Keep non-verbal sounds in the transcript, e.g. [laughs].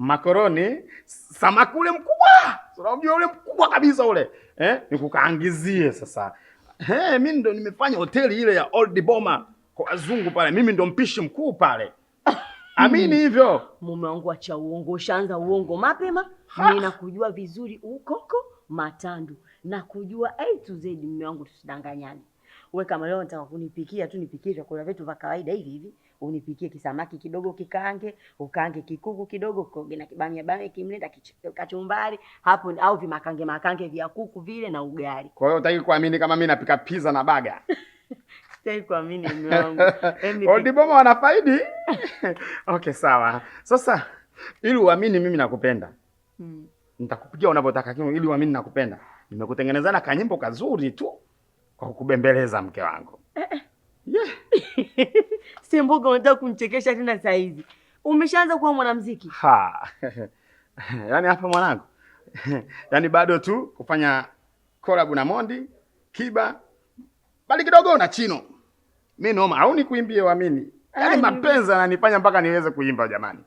makoroni, samaki ule mkubwa, unamjua ule mkubwa kabisa ule eh, nikukaangizie sasa. He, eh, mimi ndo nimefanya hoteli ile ya Old Boma kwa wazungu pale, mimi ndo mpishi mkuu pale. Amini hmm. hivyo. Mume wangu, acha uongo, ushaanza uongo mapema. Mimi nakujua vizuri, ukoko matandu, nakujua A to Z. Mume wangu, tusidanganyane. Wewe kama leo nataka kunipikia tu, nipikie chakula vitu vya kawaida hivi hivi, unipikie kisamaki kidogo kikaange, ukaange kikuku kidogo, koge na kibamia bamia, kimlenda kachumbari hapo, au vimakange makange vya kuku vile na ugali. Kwa hiyo utaki kuamini kama mimi napika pizza na baga [laughs] Sitaki kuamini mume wangu. [laughs] Yaani Odiboma wanafaidi. [laughs] Okay, sawa. Sasa ili uamini mimi nakupenda. Mm. Nitakupigia unavyotaka kitu ili uamini nakupenda. Nimekutengenezana kanyimbo kazuri tu kwa kubembeleza mke wangu eh. yeah. Eh. [laughs] Simbuka, unataka kumchekesha tena saa hizi, umeshaanza kuwa mwanamuziki ha. [laughs] Yaani hapa mwanangu, [laughs] yaani bado tu kufanya collab na Mondi Kiba, bali kidogo na Chino. Mimi noma au nikuimbie, waamini, yaani mapenzi ananifanya mpaka niweze kuimba jamani.